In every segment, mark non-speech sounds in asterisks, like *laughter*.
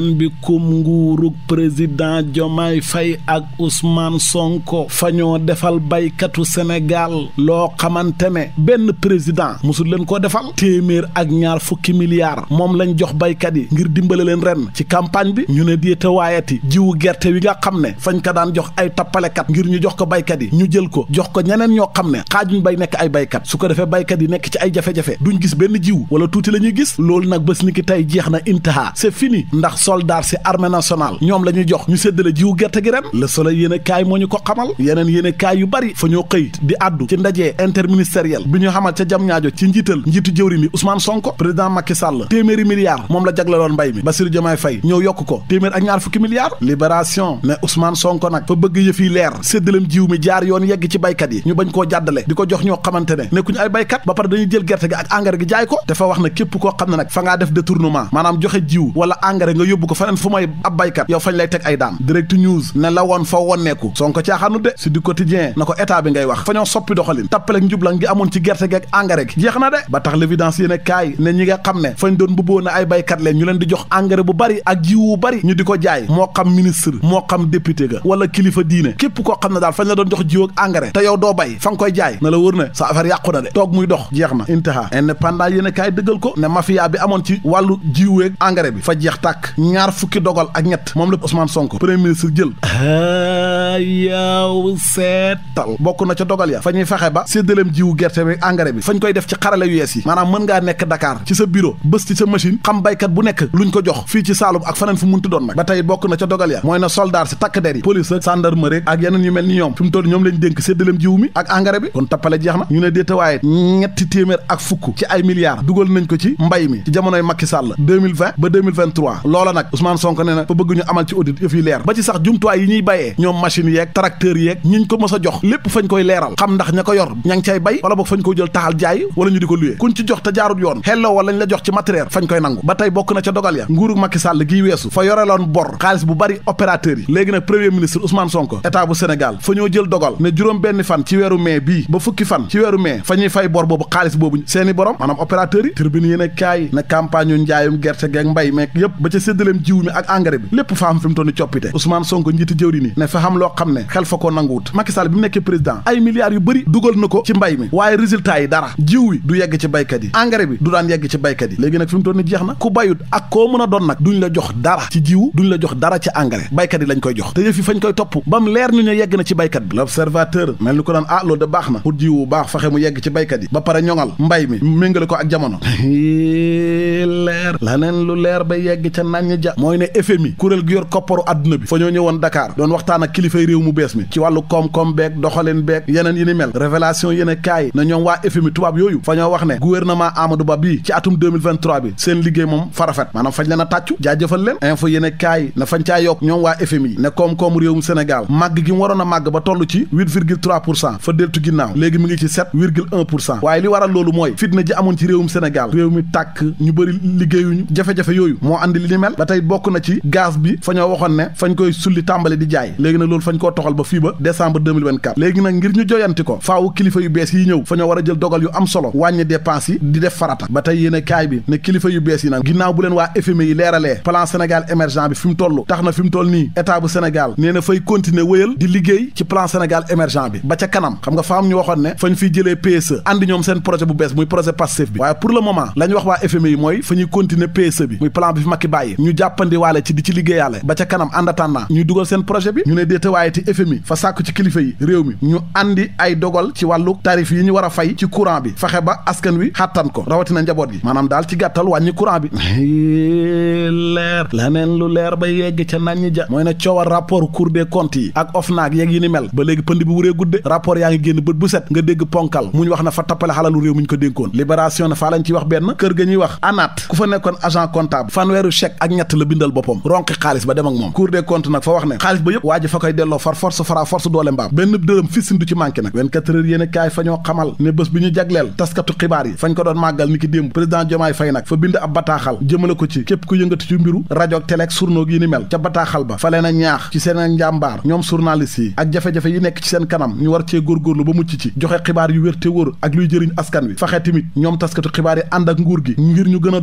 mbikum nguurug président Diomaye Faye ak Ousmane Sonko fa ñoo defal baykatu Sénégal loo xamante ne benn président musul leen koo defal téeméer ak ñaar fukki milliards moom lañ jox baykat yi ngir dimbale leen ren ci campagne bi ñu ne déete waayati jiwu gerte wi nga xam ne fañ ko daan jox ay tappalekat ngir ñu jox ko baykat yi ñu jël ko jox ko ñeneen ñoo xam ne xaajuñ bay nekk ay baykat su ko defee baykat yi nekk ci ay jafe-jafe duñ gis benn jiw wala tuuti la ñuy gis loolu nag bés ni ki tey jeex na intaha c'est fini ndax soldaar si armée nationale ñoom la ñuy jox ñu séddale jiw gerte gi ren la soleil yéen kaay moo ñu ko xamal yeneen yéen kaay yu bari fa ñoo xëy di addu ci ndaje interministériel bi ñu xamal ca jam ñaajo ci njiital njiitu jëwriñ yi Ousmane Sonko président Macky sàll téeméeri milliards moom la jagleloon mbay mi Bassirou Diomaye fay ñëw yokk ko téeméer ak ñaar fukki milliards libération ne Ousmane Sonko nag fa bëgg yëf yi leer séddalem jiw mi jaar yoon yegg ci baykat yi ñu bañ koo jàddale di ko jox ñoo xamante ne nekkuñu ay baykat ba pare dañuy jël gerte gi ak engrais gi jaay ko dafa wax ne képp koo xam ne nag fa ngaa def détournement maanaam joxe jiw wala engrais nga yóbbu ko feneen fu may ab baykat yow fañ lay teg ay daan direct news ne la woon fa wonneeku Sonko caaxaanu de si du quotidien na ko état bi ngay wax fa soppi doxalin tappalek njublan gi amoon ci gerte geeg engrais gi jeex na de ba tax l'évidence yéen kaay ne ñi xam ne fañ doon mbubboo ne ay baykat leen ñu leen di jox engrais bu bari ak jiwu bari ñu di ko jaay moo xam ministre moo xam député ga wala kilifa diine képp koo xam ne daal fañ la ñaar fukki dogal ak ñett moom la Ousmane Sonko premier ministre jël yaw seetal bokk na ca dogal ya fa ñuy fexe ba séddaleem jiwu gerte bi engrais bi fañ koy def ci xarale yu yees yi maanaam mën ngaa nekk Dakar ci sa bureau bés ci sa machine xam baykat bu nekk luñ ko jox fii ci Saalum ak faneen fu munti doon nag ba tey bokk na ca dogal ya mooy na soldaar si takk der yi police ak gendarmerie ak yeneen yu mel ni ñoom fi mu toll ñoom lañ dénk séddaleem jiwu mi ak engrais bi kon tappale jeex na ñu ne déetawaaye ñetti téeméer ak fukk ci ay milliards dugal nañ ko ci mbay mi ci jamonoy Macky Sall 2020 ba 2023 loola nag Ousmane Sonko nee na fa bëgg ñu amal ci audit yëf leer ba ci sax jumtuwaay yi ñuy bayee ñoom machines yeeg tracteurs yeeg ñiñ ko mës jox lépp fañ koy leeral xam ndax ña ko yor ña ngi cay bay wala boog fañ koy jël taxal jaay wala ñu di ko luyee kuñ ci jox te jaarut yoon xelloo wala lañ la jox ci matériel fañ koy nangu ba tey bokk na ca dogal ya nguuru Macky Sall gii weesu fa yoreloon bor xaalis bu bari opérateurs yi léegi nag premier ministre Ousmane Sonko état bu Sénégal fa ñoo jël dogal ne juróom benn fan ci weeru mai bii ba fukki fan ci weeru mai fa seeni borom maanaam opérateurs yi tribune yéen a kaay ne campagne yu njaayum gerte geeg wutaleem jiw lépp fa am coppite Ousmane Sonko njiiti jëwri ne fa xam ne xel fa ko nanguwut Macky bi mu nekkee président ay milliards yu bëri dugal na ko ci mbay mi waaye résultat yi dara jiw wi du yegg ci baykat yi engrais bi du daan yegg ci baykat yi léegi nag fi jeex na ku bayut ak koo mën a doon nag duñ la jox dara ci jiw duñ la jox dara ci engrais baykat yi lañ koy jox te yëf fañ koy topp ba leer ñu ne yegg na ci baykat bi *laughs* gàññ ja mooy ne FMI kuréel gi yor kopparu àdduna bi fa ñoo ñëwoon Dakar doon waxtaan ak kilifay réew mu bees mi ci wàllu koom-koom beeg doxalin beeg yeneen yi ni mel révélation yene kaay na ñoom waa FMI tubaab yooyu fa ñoo wax ne gouvernement Amadou Ba bii ci atum 2023 bi seen liggéey moom farafet maanaam fañ leen a tàccu jaajëfal leen info yene kaay na fañ caa yokk ñoom waa FMI ne koom-koom réewum Sénégal màgg gi mu waroon a màgg ba toll ci 8 virgule 3 pour cent fa deltu loolu mooy fitna ji amoon ci réewum Sénégal réew mi tàkk ñu bëri liggéeyuñu jafe yooyu moo andi li ni ba tey bokk na ci gaz bi fa ñoo waxoon ne fañ koy sulli tàmbali di jaay léegi nag loolu fañ koo toxal ba fii ba décembre 2024 léegi nag ngir ñu joyanti ko faawu kilifa yu bees yi ñëw fa ñoo war a jël dogal yu am solo wàññi dépense yi di def farata ba tey yéene kaay bi ne kilifa yu bees yi nag ginnaaw bu leen waa FMI yi leeralee plan Sénégal émergent bi fi mu toll tax na fi mu toll nii état bu Sénégal nee na fay continuer wéyal di liggéey ci plan Sénégal émergent bi ba ca kanam xam nga fa am ñu waxoon ne fañ fiy jëlee PSE andi ñoom seen projet bu bees muy projet Pastef bi waaye pour le moment la ñu wax waa FMI yi mooy fa ñuy continuer PSE bi muy plan bi fi Macky bàyyi ñu jàppandi waale ci di ci liggéeyaale ba ca kanam en attendant ñuy dugal seen projet bi ñu ne déete waaye te FMI fa sàkku ci kilifa yi réew mi ñu andi ay dogal ci wàllu tarif yi ñu war a fay ci courant bi fexe ba askan wi xàttan ko rawatina njaboot gi maanaam daal ci gàttal wàññi courant bi *laughs* leer leneen lu leer ba yegg ca nañ ñi ja mooy ne coowal rapport cour des yi ak OFNAC yeeg yi ni mel ba léegi pënd bi wuree gudde rapport yaa ngi génn bët bu set ko dénkoon libération ne faa lañ ci wax ga ñuy wax anaat ku fa nekkoon agent comptable ñett la bindal boppam ronqi xaalis ba dem ak moom cour des comptes nag fa wax ne xaalis ba yëpp waa fa koy delloo far force fara force doole mbaam benn dërëm fisin du ci manqué nag 24 heures yéen a kaay fa xamal ne bés bi ñu jagleel taskatu xibaar yi fañ ko doon màggal ni ki démb président Diomaye Faye nag fa bind ab bataaxal jëmale ko ci képp ku yëngatu ci mbiru rajo ak télé yi ni mel ca bataaxal ba fa leen a ñaax ci seen njàmbaar ñoom nekk seen kanam ñu war cee ba mucc ci joxe xibaar yu wér te wóor ak luy jëriñ ngir ñu gën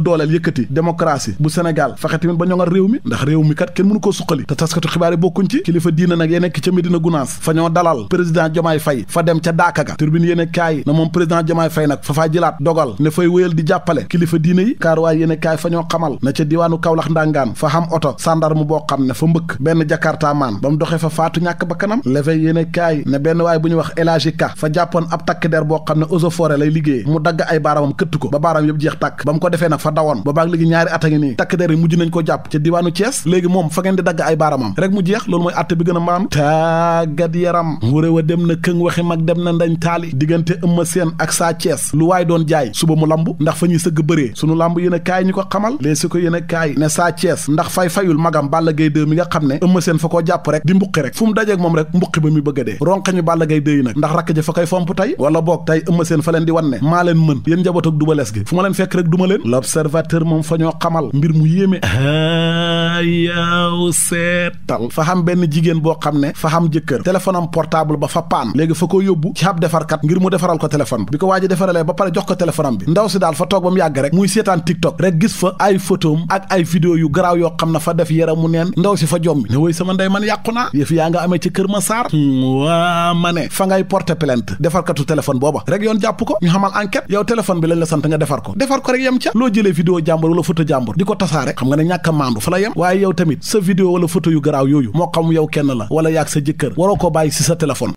tamit ba ñonga réew mi ndax réew mi kat kenn mënu koo suqali te taskatu xibaar yi bokkuñ ci kilifa diina nag yeneek nekk ca Medina Gunaas fa ñoo dalal président jomaay fay fa dem ca daaka ga turbine yéene kaay na moom président jomaay fay nag fa faa jilaat dogal ne fay wéyal di jàppale kilifa diina yi kaaruwaay yéene kaay fa ñoo xamal na ca diwaanu kawlax ndangaan fa xam oto sandarmu boo xam ne fa mbëkk benn jakarta maan ba mu doxee fa faatu ñàkk ba kanam levé yéene kaay ne benn waay bu ñuy wax Elaaji Ka fa jàppoon ab takk der boo xam ne eaux forêt lay liggéey mu dagg ay baaramam këtt ko ba baaram yëpp jeex tàkk ba mu ko defee nag fa dawoon ba baag léegi ñaari at ngi nii takk der yi mujj nañ ko jàpp ca diwaanu cees léegi moom fa ngeen di dagg ay baaramam rek mu jeex loolu mooy àtte bi gën a maam tàggat yaram wuré wa dem na këng waxi mag dem na ndañ taali diggante Eumeu Sène ak Sa Thiès lu waaye doon jaay suba mu lamb ndax fa ñuy sëgg bëree sunu lamb yéen a kaay ñu ko xamal léeg si ko yéen a kaay ne Sa Thiès ndax fay fayul magam Balla Gaye 2 mi nga xam ne Eumeu Sène fa koo jàpp rek di mbuqi rek fu mu dajeeg moom rek mbuqi ba muy bëgg a dee ronqañu Balla Gaye ndax rakk ji tey wala boog tey Eumeu Sène leen di wanne maa leen mën yéen njaboot ak duma les gi leen fekk rek duma leen l'observateur moom fa ñoo xamal mbir mu yéeme yaaw seetal fa xam benn jigéen boo xam ne fa xam jëkkër téléphone am portable ba fa paan léegi fa ko yóbbu ci ab defarkat ngir mu defaral ko téléphone bi ko waa ji defaralee ba jox ko téléphone bi ndaw si daal fa toog ba mu yàgg rek muy seetaan TikTok rek gis fa ay photom ak ay vidéo yu garaaw yoo xam ne fa def yaramu neen ndaw si fa jommi ne woy sama ndey man yàqu naa yëf yaa nga amee ci Kër Massar hmm, waa ma ne fa ngay porter plainte defarkatu téléphone booba rek yoon jàpp ko ñu xamal enquête yow la sant nga defar ko defar ko loo jëlee vidéo jàmbur wala photo jàmbur ko tasaare ñàkk fa la yem waaye yow tamit sa vidéo wala photo yu garaaw yooyu moo xam yow kenn la wala yaag sa jëkkër waroo ko bàyyi si sa téléphone